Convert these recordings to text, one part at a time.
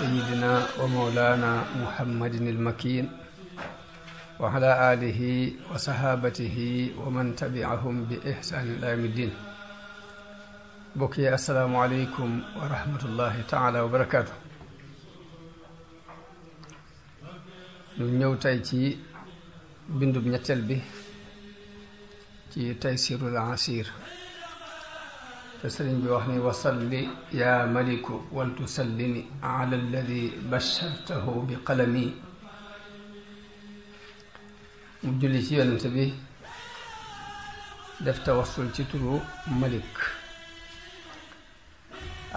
سيدنا ومولانا محمد المكين وعلى آله وصحابته ومن تبعهم بإحسان إلى يوم الدين بكي السلام عليكم ورحمة الله تعالى وبركاته نيو تايتي بندب به تي تيسير العسير فسلم بوحني وصل يا ملك ولتسلم على الذي بشرته بقلمي مجلسي ينتبه دفت وصل تتر ملك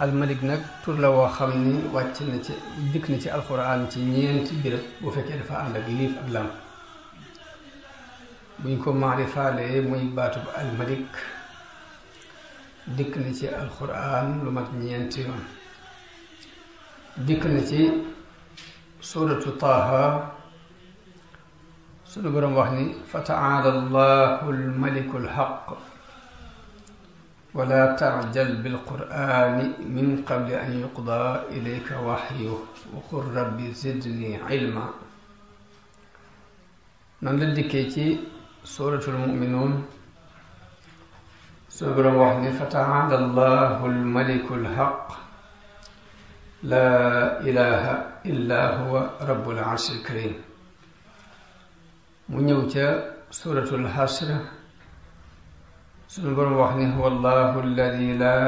الملك نك تر لو خمني واتنتي ديكنتي القران تي نينت بير بو فكي دفا اندك معرفه لي موي الملك ديك نتي القران لو مات نينت يوم ديك نتي سوره فتعالى الله الملك الحق ولا تعجل بالقران من قبل ان يقضى اليك وحيه وقل رب زدني علما نان لا ديكي سوره المؤمنون صبرا وحدي فتعالى الله الملك الحق لا إله إلا هو رب العرش الكريم ونيوتا سورة الحشر صبرا وحدي هو الله الذي لا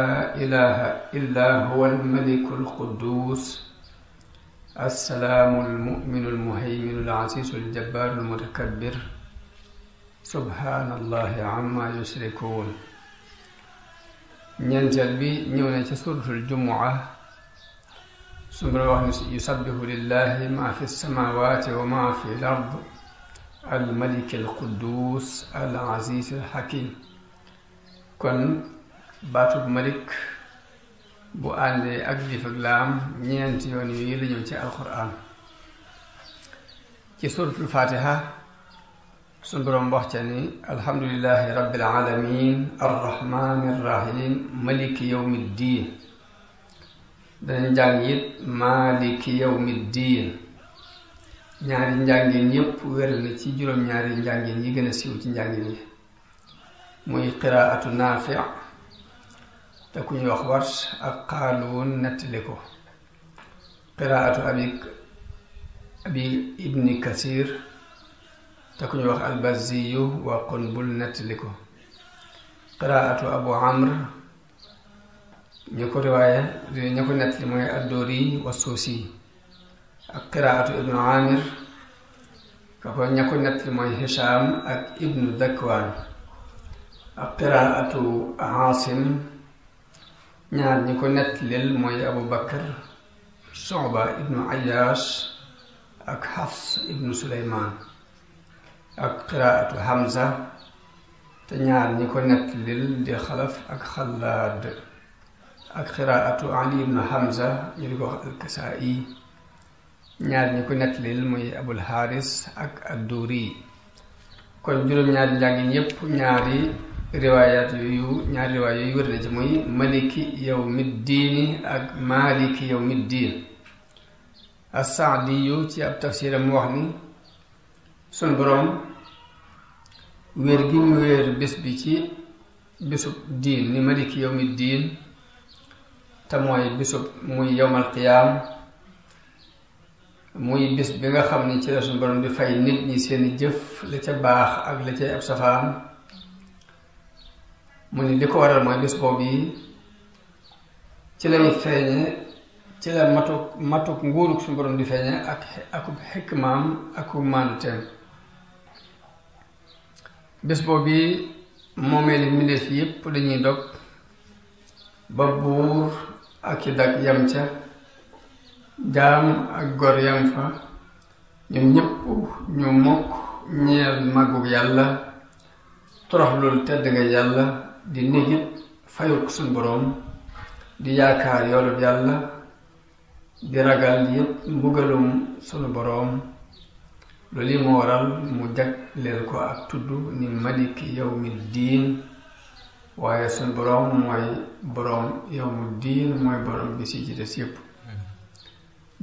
إله إلا هو الملك القدوس السلام المؤمن المهيمن العزيز الجبار المتكبر سبحان الله عما يشركون ñeenteel bi ñëw na ci suratul jumua su boroom wax ne lillahi ma fi samawati wa ma fi l ard al malik al quddus al aziz al malik bu àndee ak lif ak laam ñeenti yoon yooyu la ñëw ci alquran ci suratul fatiha sun borom wax ca ni alhamdulilahi rabbil alamin arrahmani rahim maliki yawmi ddin danañ jàng it maliki yawmi ddin ñaari njàngeen yépp wéral na ci juróom-ñaari njàngeen yi gën a siiw ci njàngeen yi muy qiraatu naafi te ku ñuy wax wars ak qaaluun nettali ko qiraatu abi abi ibni kasir تكون وخ البزي وقلب النتلك قراءة أبو عمرو نيكو رواية نيكو نتلم الدوري والسوسي قراءة ابن عامر كفو نيكو نتلم هشام ابن ذكوان قراءة عاصم نيار نعم، نيكو نتلل أبو بكر شعبة ابن عياش أك حفص ابن سليمان ak qiraatu Hamza te ñaar ñi ko nettalil di xalaf ak xallaad ak qiraatu Ali ibnu Hamza ñu di ko wax alkasaa'i ñaar ñi ko nettalil muy abul haris ak adduuri kon juróom-ñaari njàngin yépp ñaari riwaayaat yooyu ñaari riwaay yooyu wér na ci muy maliki yawmiddiini ak maliki yawmiddiin as-Saadiyu ci ab tafsiram mu wax ni sun boroom wéer gi ñu wéer bés bi ci bisub diin ni malik yowmi diin te mooy bisub muy yowmal qiyam muy bis bi nga xam ni ci la suñu borom di fay nit ñi seeni jëf la ca baax ak la ca ab safaan mu ni li ko waral mooy bis boobu yi ci lay feeñe ci la matuk matuk nguurug suñu borom di feeñe ak akub xikmaam akub bés boobu moomeeli mbindeef yépp dañuy dog ba buur ak i dag yam ca jaam ak gor yam fa ñoom ñépp ñu mokk ñeel màggug yàlla toroxlul tedd nga yàlla di négit fayuk suñ boroom di yaakaar yoolub yàlla di ragal yépp mbugalum sunu boroom loolu yi moo waral mu jagleel ko ak tudd ni maliki yawmid diin waaye suñ boroom mooy boroom yawmid diin mooy boroom bi si ci yépp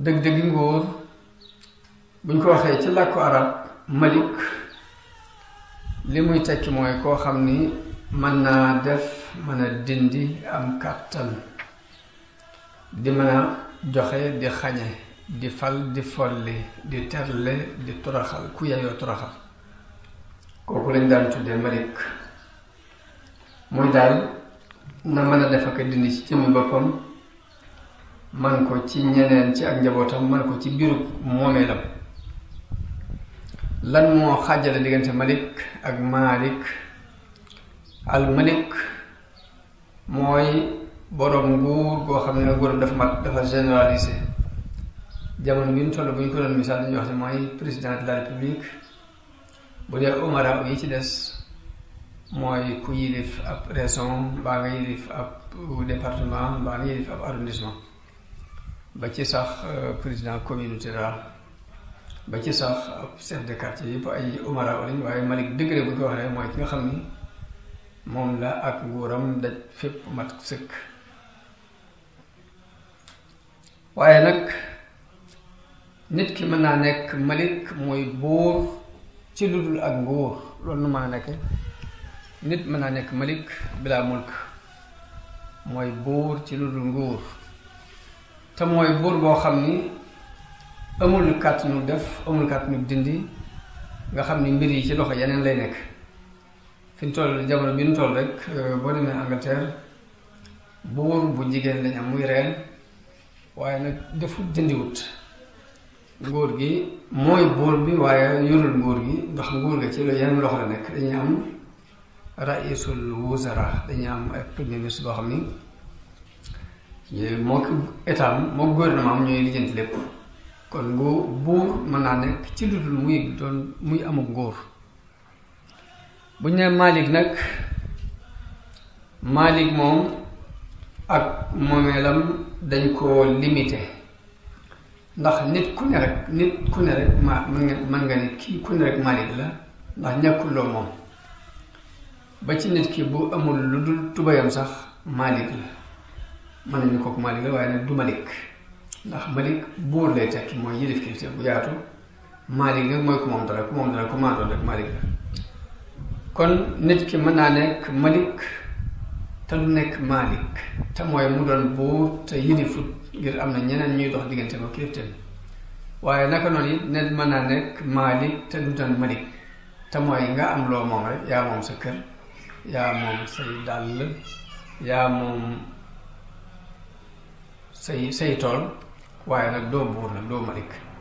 dëgg-dëgg nguur buñ ko waxee ci làkku arab malik li muy tekki mooy koo xam ni mën naa def mën a dindi am kàttan di mën a joxe di xañe di fal di folli di terle di toroxal ku yaayoo toroxal kooku lañ daan tuddee malik muy daal na mën a def dindi ci jëmmi boppam man ko ci ñeneen ci ak njabootam man ko ci biirub moomeelam lan moo xàjjale diggante malik ak malik al malik mooy boroom nguur goo xam ne nguuram dafa mat dafa généralisé jamono bi ñu toll bu ñu ko doon misaal dañuy wax ne mooy président de la république bu dee umara yi ci des mooy ku yilif ab région baa nga yilif ab département baa nga yilif ab arrondissement ba ci sax euh, président communauté rurale ba ci sax ab chef de quartier yëpp ay umara lañ waaye malik degré bu ko waxee mooy ki nga xam ni moom la ak nguuram daj fépp mat sëkk waaye nag nit ki mën naa nekk malik mooy buur ci lu dul ak nguur loolu nu mën nekke nit mën naa nekk malik bilaa mulk mooy buur ci lu dul nguur te mooy buur boo xam ni amul kàttanu def amul kàttanu dindi nga xam ni mbir yi ci loxo yeneen lay nekk fi ñu toll jamono bi ñu rek euh, boo demee Angleterre buur bu jigéen lañ muy reen waaye nag defut dindiwut nguur gi mooy buur bi waaye yorul nguur gi ndax nguur ga ci la yeneen loxo la nekk dañuy am raisul wuzara dañuy am ay premier ministre boo xam ni ñu moo ki état moo gouvernement am ñooy lijjanti lépp kon ngu buur mën naa nekk ci lu dul muy doon muy amul nguur bu ñu nee Malik nag Malik moom ak moomeelam dañ ko limité ndax nit ku ne rek nit ku ne rek ma mën nga mën nga ne kii ku ne rek malik la ndax ñàkkuloo moom ba ci nit ki bu amul lu dul tubayam sax malik la mën nañu kooku malik la waaye nag du malik ndax malik buur lay tekki mooy yilif kilifte bu yaatu malik nag mooy ku moom dara ku moom dara ku maandoon rek malik la kon nit ki mën naa nekk malik te lu nekk maalik te mooy mu doon buur te yilifut ngir am na ñeneen ñuy dox diggante ko kilifteen waaye naka noonu it ne mën naa nekk maalik te du doon malik te nga am loo moom rek yaa moom sa kër yaa moom say dàll yaa moom say say tool waaye nag doo buur nag doo malik